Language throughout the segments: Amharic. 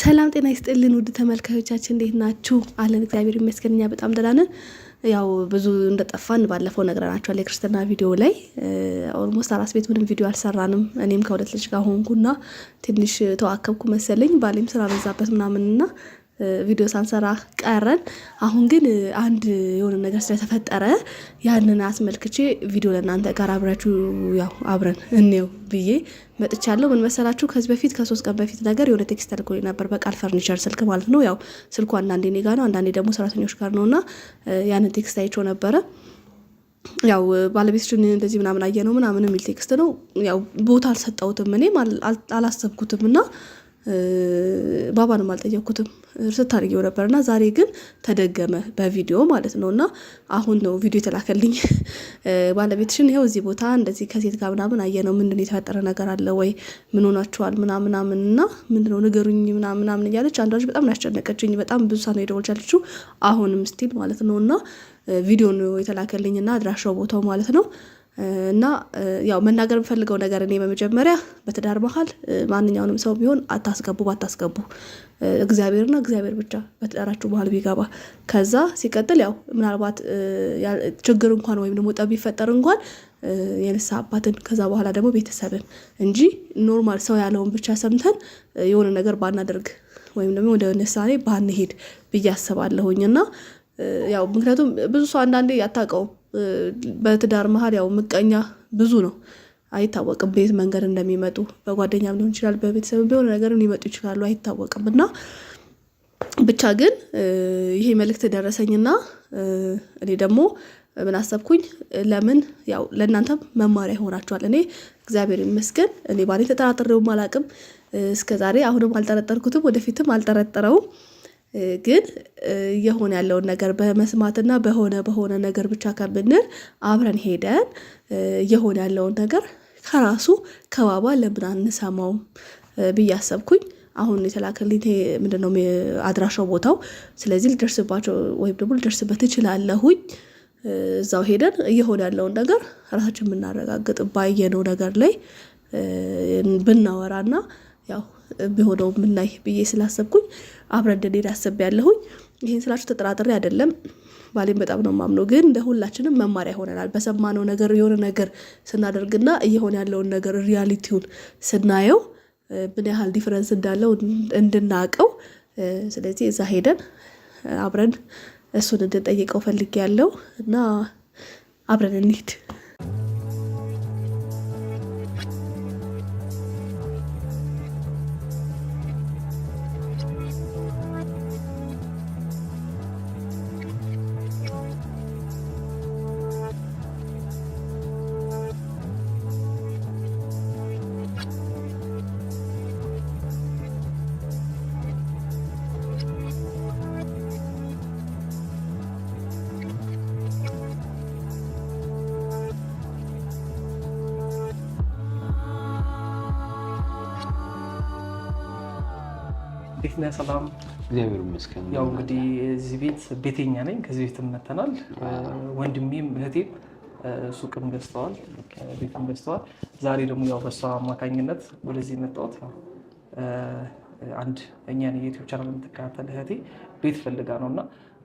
ሰላም ጤና ይስጥልን ውድ ተመልካዮቻችን እንዴት ናችሁ? አለን እግዚአብሔር ይመስገን እኛ በጣም ደህና ነን። ያው ብዙ እንደጠፋን ባለፈው ነግረናችኋል። የክርስትና ቪዲዮ ላይ ኦልሞስት አራስ ቤት ምንም ቪዲዮ አልሰራንም። እኔም ከሁለት ልጅ ጋር ሆንኩና ትንሽ ተዋከብኩ መሰለኝ ባሌም ስራ በዛበት ምናምንና ቪዲዮ ሳንሰራ ቀረን። አሁን ግን አንድ የሆነ ነገር ስለተፈጠረ ያንን አስመልክቼ ቪዲዮ ለእናንተ ጋር አብራችሁ ያው አብረን እንየው ብዬ መጥቻለሁ። ምን መሰላችሁ? ከዚህ በፊት ከሶስት ቀን በፊት ነገር የሆነ ቴክስት ተልኮ ነበር፣ በቃል ፈርኒቸር ስልክ ማለት ነው። ያው ስልኩ አንዳንዴ እኔ ጋ ነው፣ አንዳንዴ ደግሞ ሰራተኞች ጋር ነው እና ያንን ቴክስት አይቼው ነበረ ያው ባለቤቶችን እንደዚህ ምናምን አየ ነው ምናምን የሚል ቴክስት ነው። ያው ቦታ አልሰጠውትም እኔም አላሰብኩትም እና ባባንም አልጠየኩትም ስታደርጊው ነበር እና ዛሬ ግን ተደገመ በቪዲዮ ማለት ነው። እና አሁን ነው ቪዲዮ የተላከልኝ ባለቤትሽን ይኸው እዚህ ቦታ እንደዚህ ከሴት ጋር ምናምን አየ ነው ምንድን የተፈጠረ ነገር አለ ወይ ምን ሆናችኋል? ምናምናምን እና ምንድነው ንገሩኝ ምናምናምን እያለች አንዳንዶች በጣም ያስጨነቀችኝ። በጣም ብዙ ሳ ነው የደወለች ያለችው አሁንም ስቲል ማለት ነው እና ቪዲዮ ነው የተላከልኝ እና አድራሻው ቦታው ማለት ነው እና ያው መናገር የምፈልገው ነገር እኔ በመጀመሪያ በትዳር መሀል ማንኛውንም ሰው ቢሆን አታስገቡ፣ ባታስገቡ እግዚአብሔርና እግዚአብሔር ብቻ በትዳራችሁ መሀል ቢገባ። ከዛ ሲቀጥል ያው ምናልባት ችግር እንኳን ወይም ደግሞ ጠብ ቢፈጠር እንኳን የንስሐ አባትን ከዛ በኋላ ደግሞ ቤተሰብን እንጂ ኖርማል ሰው ያለውን ብቻ ሰምተን የሆነ ነገር ባናደርግ ወይም ደግሞ ወደ ንሳኔ ባንሄድ ብዬ አስባለሁኝ እና ያው ምክንያቱም ብዙ ሰው አንዳንዴ አታውቀውም በትዳር መሀል ያው ምቀኛ ብዙ ነው፣ አይታወቅም ቤት መንገድ እንደሚመጡ በጓደኛም ሊሆን ይችላል፣ በቤተሰብ ቢሆነ ነገር ሊመጡ ይችላሉ፣ አይታወቅም እና ብቻ ግን ይሄ መልእክት ደረሰኝና እኔ ደግሞ ምን አሰብኩኝ፣ ለምን ያው ለእናንተም መማሪያ ይሆናችኋል። እኔ እግዚአብሔር ይመስገን እኔ ባሌ ተጠራጥሬውም አላቅም እስከዛሬ፣ አሁንም አልጠረጠርኩትም፣ ወደፊትም አልጠረጠረውም። ግን እየሆነ ያለውን ነገር በመስማትና በሆነ በሆነ ነገር ብቻ ከምንል አብረን ሄደን እየሆነ ያለውን ነገር ከራሱ ከባባ ለምን አንሰማውም ብዬ አሰብኩኝ። አሁን የተላከልኝ ምንድነው አድራሻው ቦታው። ስለዚህ ልደርስባቸው ወይም ደግሞ ልደርስበት እችላለሁኝ። እዛው ሄደን እየሆነ ያለውን ነገር ራሳችን የምናረጋግጥ ባየነው ነገር ላይ ብናወራና ያው ቢሆነው ምናይ ብዬ ስላሰብኩኝ አብረን እንድንሄድ ያለሁኝ ይህን ስላችሁ ተጠራጥሬ አይደለም። ባሌም በጣም ነው ማምኖ፣ ግን ለሁላችንም መማሪያ ይሆነናል። በሰማነው ነገር የሆነ ነገር ስናደርግና እየሆነ ያለውን ነገር ሪያሊቲውን ስናየው ምን ያህል ዲፍረንስ እንዳለው እንድናቀው፣ ስለዚህ እዛ ሄደን አብረን እሱን እንድንጠይቀው ፈልጌ ያለው እና አብረን እንሂድ። ነህ? ሰላም፣ እግዚአብሔር ይመስገን። ያው እንግዲህ እዚህ ቤት ቤተኛ ነኝ። ከዚህ ቤት መተናል። ወንድሜም እህቴም ሱቅም ገዝተዋል፣ ቤትም ገዝተዋል። ዛሬ ደግሞ ያው በእሷ አማካኝነት ወደዚህ መጣሁት። አንድ እኛን የዩቲዩብ ቻናል የምትከታተል እህቴ ቤት ፈልጋ ነው እና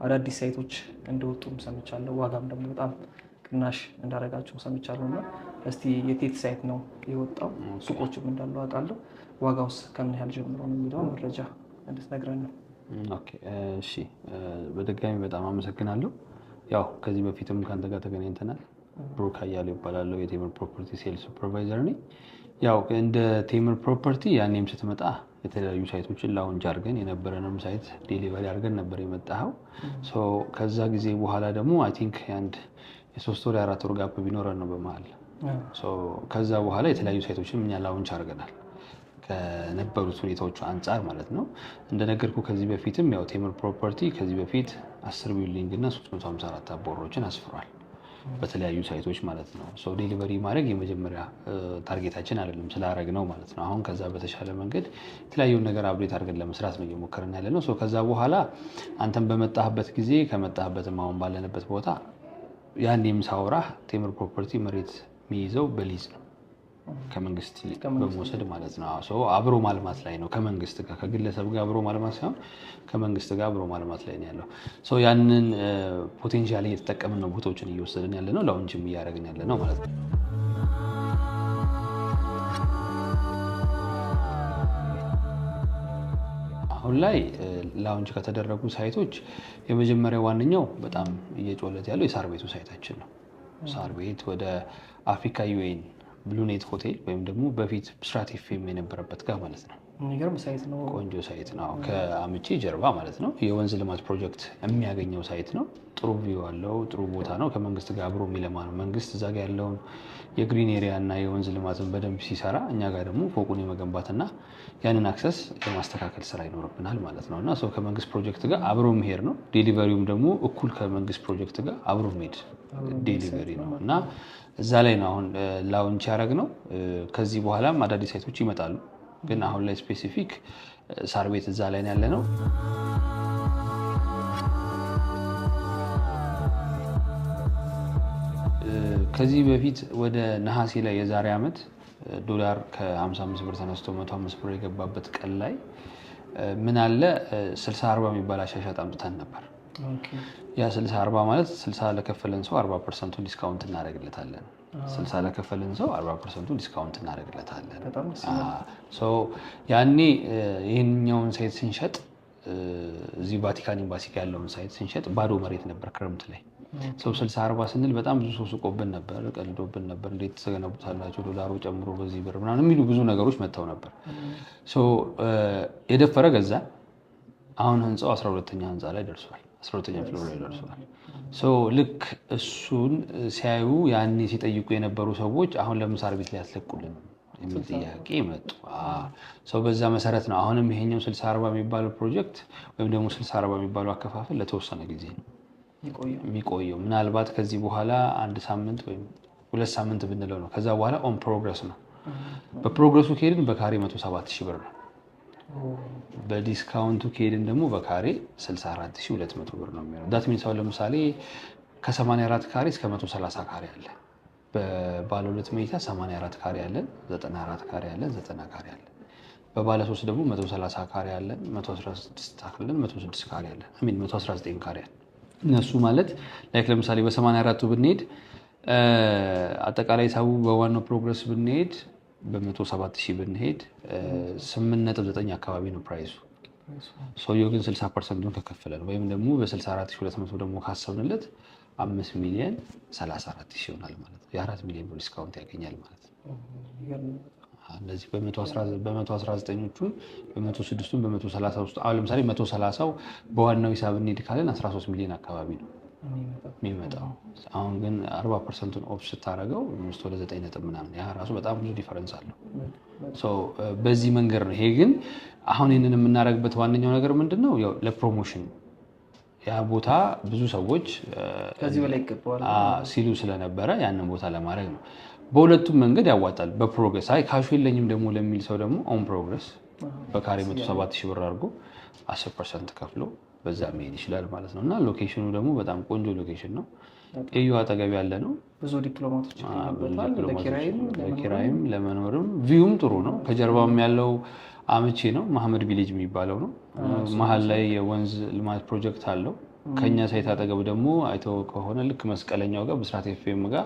አዳዲስ ሳይቶች እንደወጡም ሰምቻለሁ። ዋጋም ደግሞ በጣም ቅናሽ እንዳደረጋቸው ሰምቻለሁ እና እስቲ የቴት ሳይት ነው የወጣው ሱቆችም እንዳለው አውቃለሁ። ዋጋውስ ከምን ያህል ጀምሮ ነው የሚለውን መረጃ እንድትነግረን ነው። እሺ፣ በድጋሚ በጣም አመሰግናለሁ። ያው ከዚህ በፊትም ከአንተ ጋር ተገናኝተናል። ብሩክ አያሌው ይባላለሁ። የቴምር ፕሮፐርቲ ሴልስ ሱፐርቫይዘር ነኝ። ያው እንደ ቴምር ፕሮፐርቲ ያኔም ስትመጣ የተለያዩ ሳይቶችን ላውንች አድርገን የነበረንም ሳይት ዴሊቨሪ አድርገን ነበር የመጣኸው። ከዛ ጊዜ በኋላ ደግሞ አይ ቲንክ አንድ የሶስት ወር የአራት ወር ጋፕ ቢኖረን ነው በመሀል። ከዛ በኋላ የተለያዩ ሳይቶችን እኛ ላውንች አድርገናል። ከነበሩት ሁኔታዎቹ አንጻር ማለት ነው። እንደነገርኩ ከዚህ በፊትም ያው ቴምር ፕሮፐርቲ ከዚህ በፊት 10 ቢልዲንግ እና 354 አባወሮችን አስፍሯል በተለያዩ ሳይቶች ማለት ነው። ሰው ዴሊቨሪ ማድረግ የመጀመሪያ ታርጌታችን አይደለም ስላረግ ነው ማለት ነው። አሁን ከዛ በተሻለ መንገድ የተለያዩን ነገር አብዴት አድርገን ለመስራት ነው እየሞከርን ያለ ነው። ከዛ በኋላ አንተን በመጣህበት ጊዜ ከመጣህበትም አሁን ባለንበት ቦታ ያን የምሳውራህ ቴምር ፕሮፐርቲ መሬት የሚይዘው በሊዝ ነው ከመንግስት በመውሰድ ማለት ነው። ሰው አብሮ ማልማት ላይ ነው። ከመንግስት ጋር ከግለሰብ ጋር አብሮ ማልማት ሳይሆን ከመንግስት ጋር አብሮ ማልማት ላይ ነው ያለው። ሰው ያንን ፖቴንሻል እየተጠቀምን ነው፣ ቦታዎችን እየወሰድን ያለ ነው፣ ላውንጅም እያደረግን ያለ ነው ማለት ነው። አሁን ላይ ላውንጅ ከተደረጉ ሳይቶች የመጀመሪያው ዋነኛው በጣም እየጮለት ያለው የሳር ቤቱ ሳይታችን ነው። ሳር ቤት ወደ አፍሪካ ዩኤን ብሉኔት ሆቴል ወይም ደግሞ በፊት ብስራት ኤፍ የነበረበት ጋር ማለት ነው። የሚገርም ሳይት ነው። ቆንጆ ሳይት ነው። ከአምቼ ጀርባ ማለት ነው። የወንዝ ልማት ፕሮጀክት የሚያገኘው ሳይት ነው። ጥሩ ቪው አለው። ጥሩ ቦታ ነው። ከመንግስት ጋር አብሮ የሚለማ ነው። መንግስት እዛ ጋር ያለውን የግሪን ኤሪያ እና የወንዝ ልማትን በደንብ ሲሰራ፣ እኛ ጋር ደግሞ ፎቁን የመገንባትና ያንን አክሰስ የማስተካከል ስራ ይኖርብናል ማለት ነው እና ሰው ከመንግስት ፕሮጀክት ጋር አብሮ መሄድ ነው። ዴሊቨሪውም ደግሞ እኩል ከመንግስት ፕሮጀክት ጋር አብሮ መሄድ ዴሊቨሪ ነው እና እዛ ላይ ነው አሁን ላውንች ነው ከዚህ በኋላም አዳዲስ ሳይቶች ይመጣሉ። ግን አሁን ላይ ስፔሲፊክ ሳር ቤት እዛ ላይ ያለ ነው። ከዚህ በፊት ወደ ነሐሴ ላይ የዛሬ ዓመት ዶላር ከ55 ብር ተነስቶ 105 ብር የገባበት ቀን ላይ ምን አለ 60 40 የሚባል አሻሻጥ አምጥተን ነበር። ያ 60 40 ማለት 60 ለከፈለን ሰው 40 ፐርሰንቱን ዲስካውንት እናደርግለታለን። ስልሳ ለከፈልን ሰው አርባ ፐርሰንቱ ዲስካውንት እናደርግለታለን። ያኔ ይህኛውን ሳይት ስንሸጥ እዚህ ቫቲካን ኤምባሲ ያለውን ሳይት ስንሸጥ ባዶ መሬት ነበር ክረምት ላይ ሰው ስልሳ አርባ ስንል በጣም ብዙ ሰው ስቆብን ነበር፣ ቀልዶብን ነበር። እንዴት ተገነቡታላቸው ዶላሩ ጨምሮ በዚህ ብር ምናምን የሚሉ ብዙ ነገሮች መጥተው ነበር። የደፈረ ገዛ። አሁን ህንፃው አስራ ሁለተኛ ህንፃ ላይ ደርሷል። አስራ ሁለተኛ ፍሎር ላይ ደርሷል። ልክ እሱን ሲያዩ ያኔ ሲጠይቁ የነበሩ ሰዎች አሁን ለምን ሳር ቤት ሊያስለቁልን የሚል ጥያቄ መጡ። ሰው በዛ መሰረት ነው አሁንም ይሄኛው ስልሳ አርባ የሚባለው ፕሮጀክት ወይም ደግሞ ስልሳ አርባ የሚባለው አከፋፈል ለተወሰነ ጊዜ ነው የሚቆየው። ምናልባት ከዚህ በኋላ አንድ ሳምንት ወይም ሁለት ሳምንት ብንለው ነው። ከዛ በኋላ ኦን ፕሮግረስ ነው። በፕሮግረሱ ከሄድን በካሬ መቶ ሰባት ሺህ ብር ነው። በዲስካውንቱ ከሄድን ደግሞ በካሬ 64200 ብር ነው የሚሆነው። ዳት ሚንስ አሁን ለምሳሌ ከ84 ካሬ እስከ 130 ካሬ አለ። በባለ ሁለት መኝታ 84 ካሬ አለን፣ 94 ካሬ አለን፣ 90 ካሬ አለን። በባለ ሶስት ደግሞ 130 ካሬ አለን፣ 116 አለን፣ 106 ካሬ አለን፣ አሚን 119 ካሬ አለን። እነሱ ማለት ላይክ ለምሳሌ በ84ቱ ብንሄድ አጠቃላይ ሰቡ በዋናው ፕሮግረስ ብንሄድ በመቶ ሰባት ሺህ ብንሄድ ስምንት ነጥብ ዘጠኝ አካባቢ ነው ፕራይሱ። ሰውየው ግን ስልሳ ፐርሰንቱን ከከፈለ ነው ወይም ደግሞ በስልሳ አራት ሺህ ሁለት መቶ ደግሞ ካሰብንለት አምስት ሚሊዮን ሰላሳ አራት ሺህ ይሆናል ማለት ነው። የአራት ሚሊዮን ብር ዲስካውንት ያገኛል ማለት ነው። እነዚህ በመቶ አስራ ዘጠኞቹን በመቶ ስድስቱን በመቶ ሰላሳ ውስጥ አሁን ለምሳሌ መቶ ሰላሳው በዋናው ሂሳብ እንሄድ ካለን አስራ ሶስት ሚሊዮን አካባቢ ነው የሚመጣው አሁን ግን አርባ ፐርሰንቱን ኦፍ ስታደርገው ስ ወደ ዘጠኝ ነጥብ ምናምን ያ ራሱ በጣም ብዙ ዲፈረንስ አለው። በዚህ መንገድ ነው። ይሄ ግን አሁን ይህንን የምናደርግበት ዋነኛው ነገር ምንድን ነው? ለፕሮሞሽን ያ ቦታ ብዙ ሰዎች ሲሉ ስለነበረ ያንን ቦታ ለማድረግ ነው። በሁለቱም መንገድ ያዋጣል። በፕሮግረስ አይ ካሹ የለኝም ደግሞ ለሚል ሰው ደግሞ ኦን ፕሮግረስ በካሬ 107 ሺህ ብር አድርጎ 10 ፐርሰንት ከፍሎ በዛ መሄድ ይችላል ማለት ነው። እና ሎኬሽኑ ደግሞ በጣም ቆንጆ ሎኬሽን ነው። እዩ አጠገብ ያለ ነው። ብዙ ዲፕሎማቶች ለኪራይም ለመኖርም ቪዩም ጥሩ ነው። ከጀርባውም ያለው አመቺ ነው። መሀመድ ቪሌጅ የሚባለው ነው። መሀል ላይ የወንዝ ልማት ፕሮጀክት አለው። ከኛ ሳይት አጠገብ ደግሞ አይቶ ከሆነ ልክ መስቀለኛው ጋር ብስራት ኤፍኤም ጋር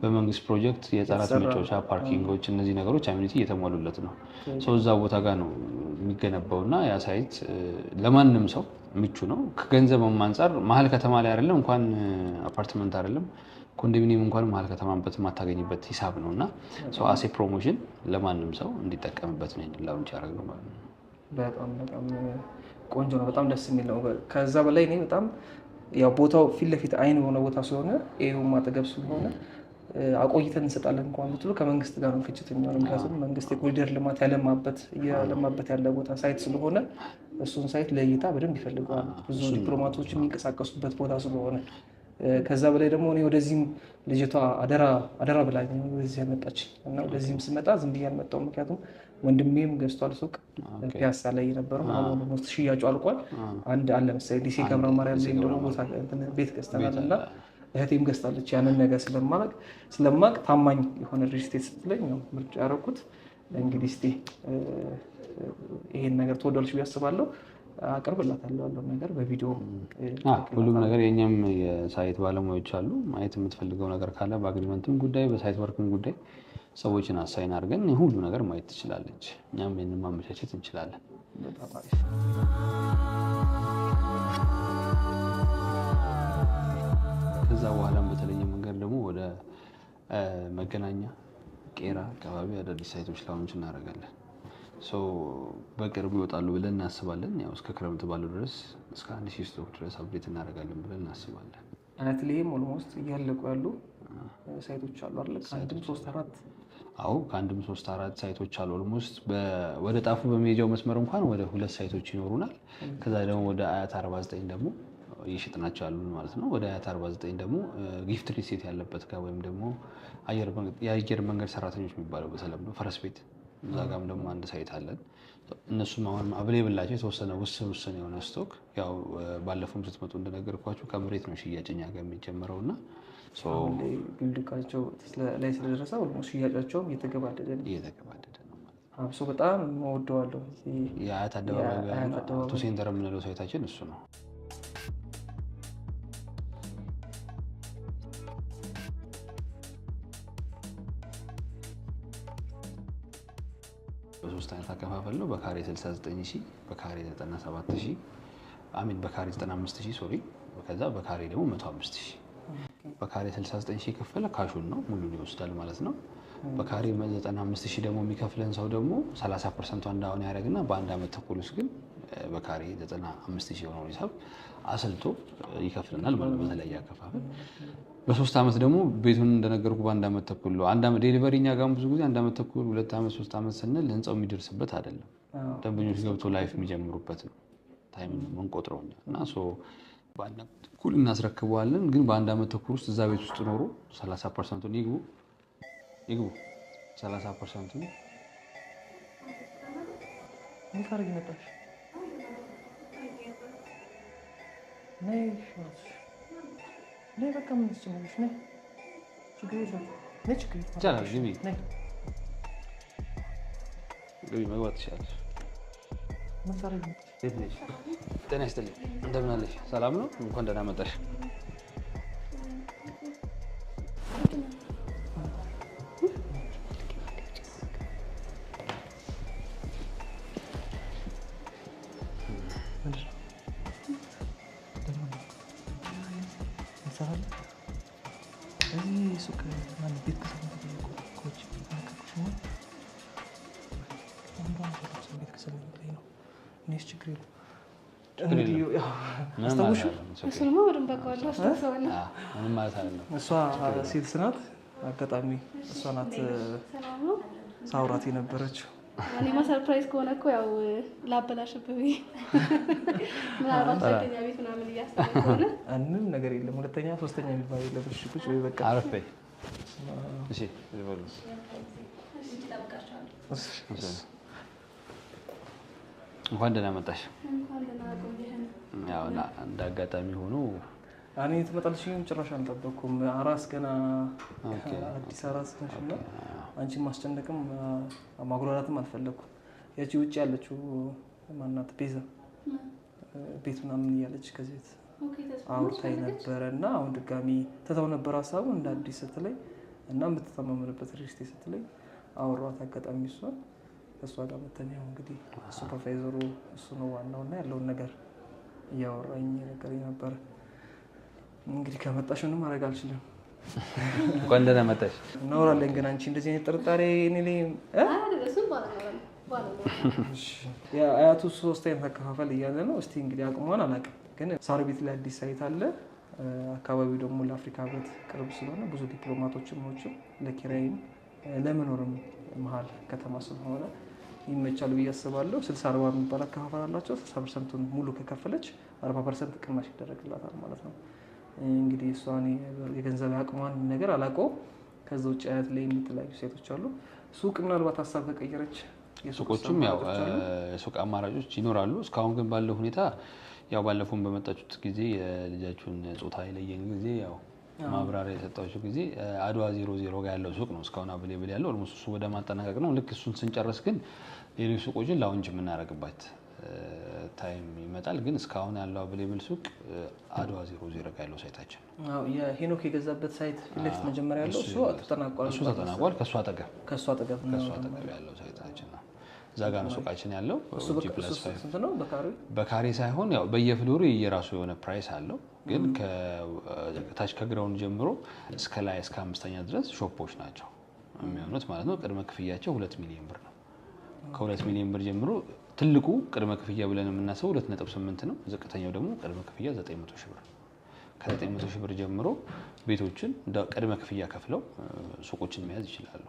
በመንግስት ፕሮጀክት የህፃናት መጫወቻ ፓርኪንጎች፣ እነዚህ ነገሮች አሚኒቲ እየተሟሉለት ነው። ሰው እዛ ቦታ ጋር ነው የሚገነባው እና ያ ሳይት ለማንም ሰው ምቹ ነው። ከገንዘብም አንጻር መሀል ከተማ ላይ አይደለም እንኳን አፓርትመንት አይደለም ኮንዶሚኒየም እንኳን መሀል ከተማበት የማታገኝበት ሂሳብ ነው እና ሰው አሴ ፕሮሞሽን ለማንም ሰው እንዲጠቀምበት ነው ላውንች ያደረግነው ማለት ነው። በጣም በጣም ቆንጆ ነው። በጣም ደስ የሚል ነው። ከዛ በላይ እኔ በጣም ያው ቦታው ፊት ለፊት አይን የሆነ ቦታ ስለሆነ ይሄው ማጠገብ ስለሆነ አቆይተን እንሰጣለን እንኳን ብትሉ ከመንግስት ጋር ነው ግጭት የሚሆነው። ምክንያቱም መንግስት የኮሪደር ልማት ያለማበት እየለማበት ያለ ቦታ ሳይት ስለሆነ እሱን ሳይት ለእይታ በደንብ ይፈልገዋል። ብዙ ዲፕሎማቶች የሚንቀሳቀሱበት ቦታ ስለሆነ ከዛ በላይ ደግሞ እኔ ወደዚህም ልጅቷ አደራ አደራ ብላኝ ወደዚህ ያመጣች እና ወደዚህም ስመጣ ዝም ብዬ አልመጣሁም። ምክንያቱም ወንድሜም ገዝቷል ሱቅ ፒያሳ ላይ የነበረው አሁን ስ ሽያጩ አልቋል። አንድ አለ መሰለኝ ዲሴ ገብረ ማርያም ዜም ደግሞ ቤት ገዝተናል እና እህቴም ገዝታለች። ያንን ነገር ስለማቅ ስለማቅ ታማኝ የሆነ ሪስቴት ስትለኝ ነው ምርጫ ያደረኩት። እንግዲህ እስኪ ይሄን ነገር ትወዳለች ብዬ አስባለሁ። አቅርብላታለሁ ያለውን ነገር በቪዲዮ ሁሉም ነገር የኛም የሳይት ባለሙያዎች አሉ። ማየት የምትፈልገው ነገር ካለ በአግሪመንትም ጉዳይ በሳይት ወርክም ጉዳይ ሰዎችን አሳይን አድርገን ሁሉ ነገር ማየት ትችላለች። እኛም ይህን ማመቻቸት እንችላለን። ከዛ በኋላም በተለየ መንገድ ደግሞ ወደ መገናኛ ቄራ አካባቢ አዳዲስ ሳይቶች ላውንች እናደርጋለን። በቅርቡ ይወጣሉ ብለን እናስባለን። ያው እስከ ክረምት ባለው ድረስ እስከ አንድ ሺህ ስቶክ ድረስ አፕዴት እናደርጋለን ብለን እናስባለን። አይነት አናትሌም ኦልሞስት እያለቁ ያሉ ሳይቶች አሉ አለ ከአንድም ሶስት አራት አዎ፣ ከአንድም ሶስት አራት ሳይቶች አሉ። ኦልሞስት ወደ ጣፉ በሚሄጃው መስመር እንኳን ወደ ሁለት ሳይቶች ይኖሩናል። ከዛ ደግሞ ወደ አያት 49 ደግሞ እየሸጥናቸው ያሉ ማለት ነው። ወደ አያት 49 ደግሞ ጊፍት ሪሴት ያለበት ጋር ወይም ደግሞ የአየር መንገድ ሰራተኞች የሚባለው በተለምዶ ፈረስ ቤት እዛ ጋም ደግሞ አንድ ሳይት አለን። እነሱም አሁን አብሌብላቸው የተወሰነ ውስን ውስን የሆነ ስቶክ ያው ባለፈውም ስትመጡ እንደነገርኳችሁ ከምሬት ነው ሽያጭ እኛ ጋር የሚጀምረው እና ላይ ስለደረሰ ሽያጫቸውም እየተገባደደ ነው እየተገባደደ ነው በጣም እወደዋለሁ። የአያት አደባባይ አቶ ሴንተር የምንለው ሳይታችን እሱ ነው። ማከፋፈል ነው። በካሬ 69 ሺህ በካሬ 97 ሺህ አሚን በካሬ 95 ሺ ሶሪ፣ ከዛ በካሬ ደግሞ 105 ሺህ በካሬ 69 ሺ የከፈለ ካሹን ነው ሙሉን ይወስዳል ማለት ነው። በካሬ 95 ሺህ ደግሞ የሚከፍለን ሰው ደግሞ 30 ፐርሰንቷ እንዳሁን ያደረግና በአንድ አመት ተኩል ውስጥ ግን በካሬ 95 ሺህ የሆነውን ሂሳብ አሰልቶ ይከፍልናል ማለት ነው። በተለያየ አከፋፈል በሶስት ዓመት ደግሞ ቤቱን እንደነገርኩ በአንድ ዓመት ተኩል ዴሊቨሪ እኛ ጋር ብዙ ጊዜ አንድ ዓመት ተኩል ሁለት ዓመት ሶስት ዓመት ስንል ህንፃው የሚደርስበት አይደለም። ደንበኞች ገብቶ ላይፍ የሚጀምሩበት ነው። ታይም መንቆጥረው እና በአንድ ዓመት ተኩል እናስረክበዋለን። ግን በአንድ ዓመት ተኩል ውስጥ እዛ ቤት ውስጥ ኖሮ 30 ፐርሰንቱን ይግቡ ይግቡ 30 ፐርሰንቱን ነይ እናትሽ ነይ፣ በቃ ምን አስጨነቅሽ? ነይ፣ ችግር የለውም። ነይ፣ ችግር የለውም። ነይ፣ ግቢ፣ መግባት ትችያለሽ። ጤና ይስጥልኝ። እንደምን አለሽ? ሰላም ነው? እንኳን ደህና መጣሽ። እኔስ ችግር የለም። እሷ አጋጣሚ እሷ ናት ሳውራት የነበረችው። እኔማ ሰርፕራይዝ ከሆነ እኮ ያው ላበላሽብህ ምናልባት ቤት ምናምን ምንም ነገር የለም። ሁለተኛ ሶስተኛ የሚባል የለም። ቁጭ ወይ በቃ እሺ እንኳን ደህና መጣሽ። እንደ አጋጣሚ ሆኖ እኔ ትመጣልሽ ጭራሽ አልጠበኩም። አራስ ገና አዲስ አራስ ነሽ እና አንቺን ማስጨነቅም ማጉራራትም አልፈለኩም። ያቺ ውጭ ያለችው ማናት ቤዛ ቤት ምናምን እያለች ከዚህ ቤት አውርታኝ ነበረ እና አሁን ድጋሚ ተተው ነበር ሀሳቡ እንደ አዲስ ስትለኝ እና የምትተማመንበት ሪስቴ ስትለኝ አወሯት አጋጣሚ እሷን እሷ ጋር መተን ያው እንግዲህ ሱፐርቫይዘሩ እሱ ነው ዋናው እና ያለውን ነገር እያወራኝ ነገረኝ ነበር። እንግዲህ ከመጣሽ ምንም ማድረግ አልችልም። እንኳን ደህና መጣሽ። እናወራለን ግን አንቺ እንደዚህ አይነት ጥርጣሬ እኔ ላይ አያቱ ሶስት አይነት አከፋፈል እያለ ነው። እስቲ እንግዲህ አቅሟን አላውቅም፣ ግን ሳር ቤት ላይ አዲስ ሳይት አለ። አካባቢው ደግሞ ለአፍሪካ ህብረት ቅርብ ስለሆነ ብዙ ዲፕሎማቶችም ኖችም ለኪራይም ለመኖርም መሀል ከተማ ስለሆነ ይመቻሉ ብዬ አስባለሁ። ስልሳ አርባ የሚባል አከፋፈል አላቸው። ስልሳ ፐርሰንቱን ሙሉ ከከፈለች አርባ ፐርሰንት ቅናሽ ይደረግላታል ማለት ነው። እንግዲህ እሷን የገንዘብ አቅሟን ነገር አላቆ ከዚ ውጭ አያት ላይ የምትለያዩ ሴቶች አሉ። ሱቅ ምናልባት ሀሳብ ከቀየረች ሱቆችም ያው የሱቅ አማራጮች ይኖራሉ። እስካሁን ግን ባለው ሁኔታ ያው ባለፈውን በመጣችሁት ጊዜ የልጃችሁን ጾታ የለየን ጊዜ ያው ማብራሪያ የሰጣችሁ ጊዜ አድዋ ዜሮ ዜሮ ጋር ያለው ሱቅ ነው እስካሁን አብሌብል ያለው ኦልሞስት እሱ ወደ ማጠናቀቅ ነው። ልክ እሱን ስንጨርስ ግን ሌሎች ሱቆችን ላውንጅ የምናደርግበት ታይም ይመጣል። ግን እስካሁን ያለው አብሌብል ሱቅ አድዋ ዜሮ ዜሮ ጋር ያለው ሳይታችን ነው። የሄኖክ የገዛበት ሳይት ፊት ለፊት መጀመሪያ ያለው እሱ ተጠናቋል። ከእሱ አጠገብ ከእሱ አጠገብ ያለው ሳይታችን ነው። እዛ ነው ሱቃችን ያለው። በካሬ ሳይሆን ያው በየፍሎሩ የሆነ ፕራይስ አለው። ግን ከታች ከግራውን ጀምሮ እስከ ላይ እስከ አምስተኛ ድረስ ሾፖች ናቸው የሚሆኑት ማለት ነው። ቅድመ ክፍያቸው ሁለት ሚሊዮን ብር ነው። ከሁለት ሚሊዮን ብር ጀምሮ ትልቁ ቅድመ ክፍያ ብለን የምናስበው ሁለት ነጥብ ስምንት ነው። ዝቅተኛው ደግሞ ቅድመ ክፍያ ዘጠኝ መቶ ሺህ ብር ከዘጠኝ መቶ ሺህ ብር ጀምሮ ቤቶችን ቅድመ ክፍያ ከፍለው ሱቆችን መያዝ ይችላሉ።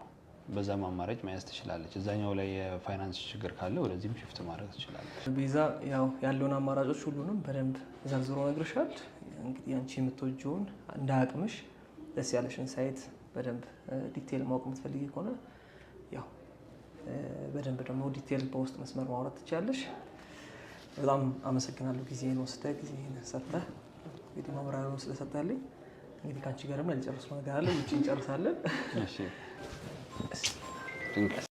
በዛም አማራጭ መያዝ ትችላለች። እዛኛው ላይ የፋይናንስ ችግር ካለ ወደዚህም ሽፍት ማድረግ ትችላለች። ቤዛ ያው ያለውን አማራጮች ሁሉንም በደንብ ዘርዝሮ ነግርሻል። እንግዲህ አንቺ የምትወጂውን እንደ አቅምሽ ደስ ያለሽን ሳይት በደንብ ዲቴል ማወቅ የምትፈልጊ ከሆነ ያው በደንብ ደግሞ ዲቴል በውስጥ መስመር ማውራት ትችላለሽ። በጣም አመሰግናለሁ ጊዜ ወስደህ ጊዜህን ሰጥተህ እንግዲህ ማብራሪያውን ስለሰጠልኝ። እንግዲህ ከአንቺ ጋርም ያልጨረስነው ነገር አለ፣ ውጭ እንጨርሳለን። Gracias.